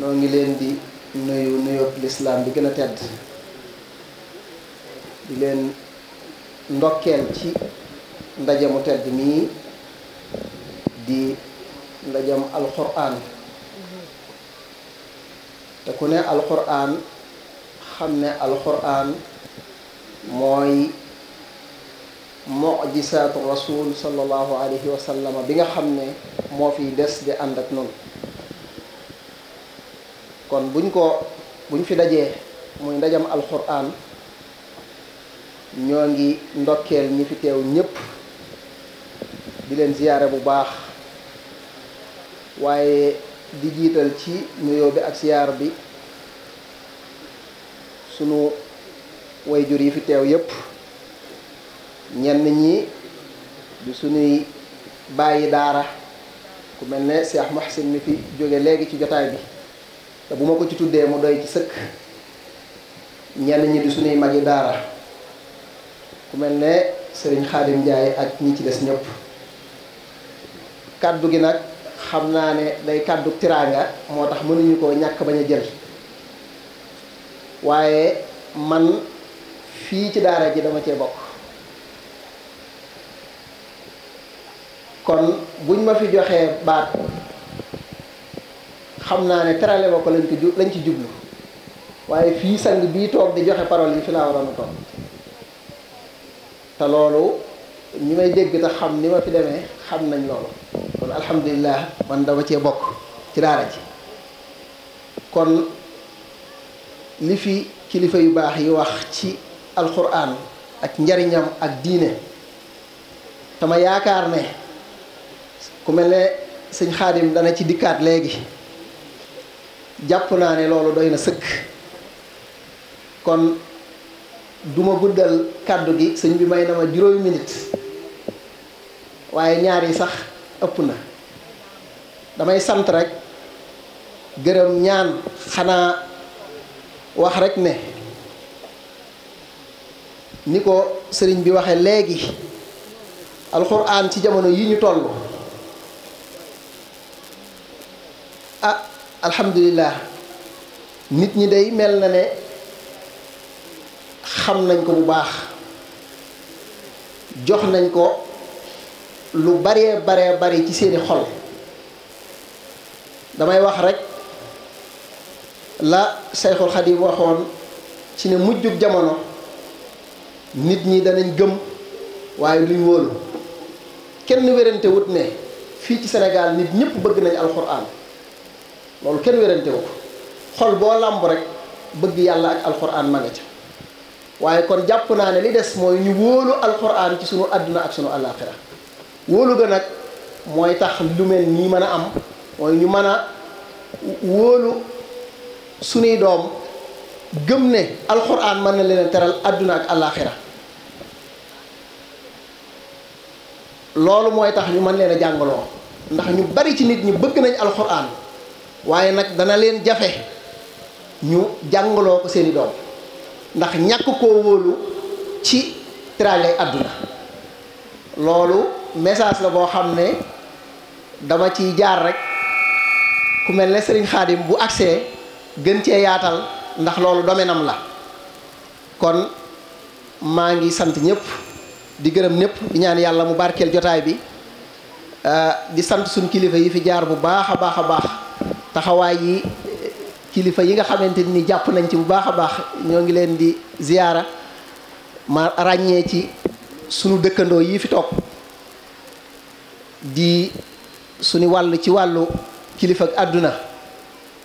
no ngi len di nuyu nuyoog l'islam bi gëna tedd di len ndokkel ci ndajamu tedd mi di ndajam alquran ta ku ne alquran xamne alquran moy mooy rasul sallallahu alaihi wasallam bi nga xamne mo fi dess di andak ak kon buñ ko buñ fi dajee muy ndajam alxuraan ñoo ngi ndokkeel ñi fi teew ñépp di leen ziyaare bu baax waaye di jiital ci nuyoo bi ak ziyaar bi sunu wayjur yi fi teew yépp ñenn ñi di sunuy bàyyi daara ku mel ne Cheikh Mouhsin mi fi jóge léegi ci jotaay bi te bu ma ko ci tuddee mu doy ci sëkk ñenn ñi di suñuy magi daara ku mel ne sëriñ Xaadim Njaay ak ñi ci des ñëpp kàddu gi nag xam naa ne day kàddu tiraanga moo tax mënuñu koo ñàkk bañ a jël waaye man fii ci daara ji dama cee bokk kon buñ ma fi joxee baat xam naa ne terale ma ko lañ ci jublu waaye fii sang bii toog di joxe parole yi fi laa waroon a toog te loolu ñi may dégg te xam ni ma fi demee xam nañ loolu kon alhamdulilah man dama cee bokk ci daara ji kon li fi kilifa yu baax yi wax ci alquran ak njariñam ak diine tama yaakaar ne ku mel ne sëñ xaadim dana ci dikkaat léegi jàpp naa ne loolu doy na sëkk kon duma guddal kàddu gi sëñ bi may na ma juróomi minit waaye ñaar yi sax ëpp na damay sant rek gërëm ñaan xanaa wax rekk ne ni ko sëriñ bi waxe léegi alxuraan ci jamono yi ñu toll alhamdulilah nit ñi dey mel na ne xam nañ ko bu baax jox nañ ko lu baree bare bari ci seeni xol damay wax rekk la Sayxul Xadiim waxoon ci ne mujjug jamono nit ñi danañ gëm waaye duñ wóolu kenn wérante wut ne fii ci Sénégal nit ñëpp bëgg nañ alxuraan loolu kenn wérante wu ko xol boo làmb rek bëgg yàlla ak alxuraan ma nga ca waaye kon jàpp naa ne li des mooy ñu wóolu alxuraan ci sunu àdduna ak sunu àllaaxira wóolu ga nag mooy tax lu mel nii mën a am mooy ñu mën a wóolu sunuy doom gëm ne alxuraan mën na leen teral àdduna ak àllaaxira loolu mooy tax ñu mën leen a jàngaloo ndax ñu bari ci nit ñi bëgg nañ alxuraan waye nak dana len jafe ñu jangolo ko seeni doom ndax ñak ko wolu ci tralé aduna lolu message la bo xamné dama ci jaar rek ku melne Serigne Khadim bu agsee gën ci yaatal ndax lolu domenam la kon mangi sante sant di gërëm ñëpp di ñaan yalla mu barkel jotaay bi euh, di sante sun kilifa yi fi jaar bu baaxa baaxa baax baax taxawaay yi kilifa yi nga xamante ni jàpp nañ ci bu baax a baax ñoo ngi leen di ziyaara ma ràññee ci suñu dëkkandoo yi fi toog di suñu wàll ci wàllu kilifa ak àdduna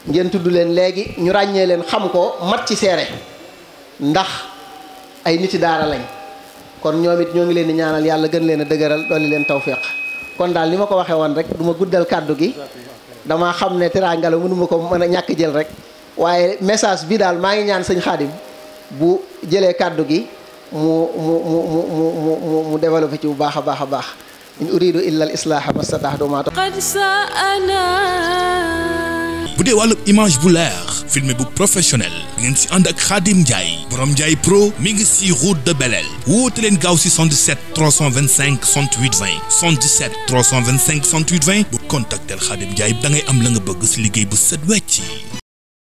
ngeen tudd leen léegi ñu ràññee leen xam ko mat ci seere ndax ay niti daara lañ kon ñoom it ñoo ngi leen di ñaanal yàlla gën leen a dëgëral dolli leen tawféex kon daal ni ma ko waxee woon rek du ma guddal kàddu gi dama xam ne teraanga la mënuma ko mën a ñàkk jël rek waaye message bi daal maa ngi ñaan sañ xaadim bu jëlee kàddu gi mu mu mu mu mu mu mu ci bu baax a baax a baax in uridu illa al islaaha mastataxtu ma bu dee wàllu image bu leer filmé bu professionnel ngeen si ànd ak Xaadim Ndiaye borom Ndiaye pro mi ngi si route de Belel woote leen gaaw si 77 325 68 20 77 325 68 20 bu contactel Xaadim Ndiaye da am la nga bëgg si liggéey bu set wecc